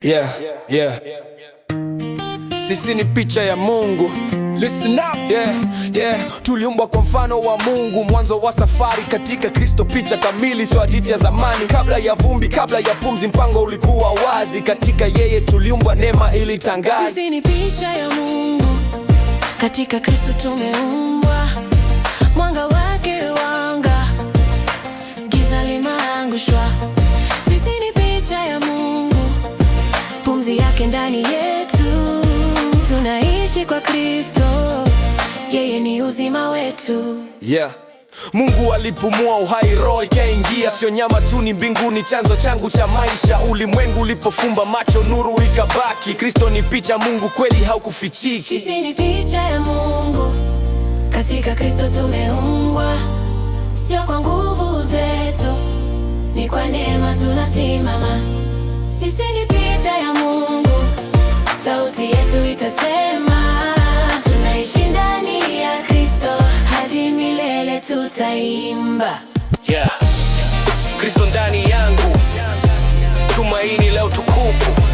Yeah, yeah. Sisi ni picha ya Mungu. Listen up. Yeah, yeah. Tuliumbwa kwa mfano wa Mungu, mwanzo wa safari katika Kristo, picha kamili, sio hadithi ya zamani. Kabla ya vumbi, kabla ya pumzi, mpango ulikuwa wazi. Katika yeye tuliumbwa, neema ilitangaza. Sisi ni picha ya Mungu, katika Kristo tumeumbwa, mwanga wake wanga, giza limeangushwa mapenzi yake ndani yetu, tunaishi kwa Kristo, yeye ni uzima wetu yeah. Mungu alipumua uhai, roho ikaingia, sio nyama tu, ni mbinguni, chanzo changu cha maisha. Ulimwengu ulipofumba macho, nuru ikabaki. Kristo ni picha Mungu, kweli haukufichiki. Sisi ni picha ya Mungu, katika Kristo tumeumbwa, sio kwa nguvu zetu, ni kwa neema tunasimama sisi ni picha ya Mungu, sauti yetu itasema, tunaishi ndani ya Kristo hadi milele tutaimba. Yeah. Kristo ndani yangu, tumaini la utukufu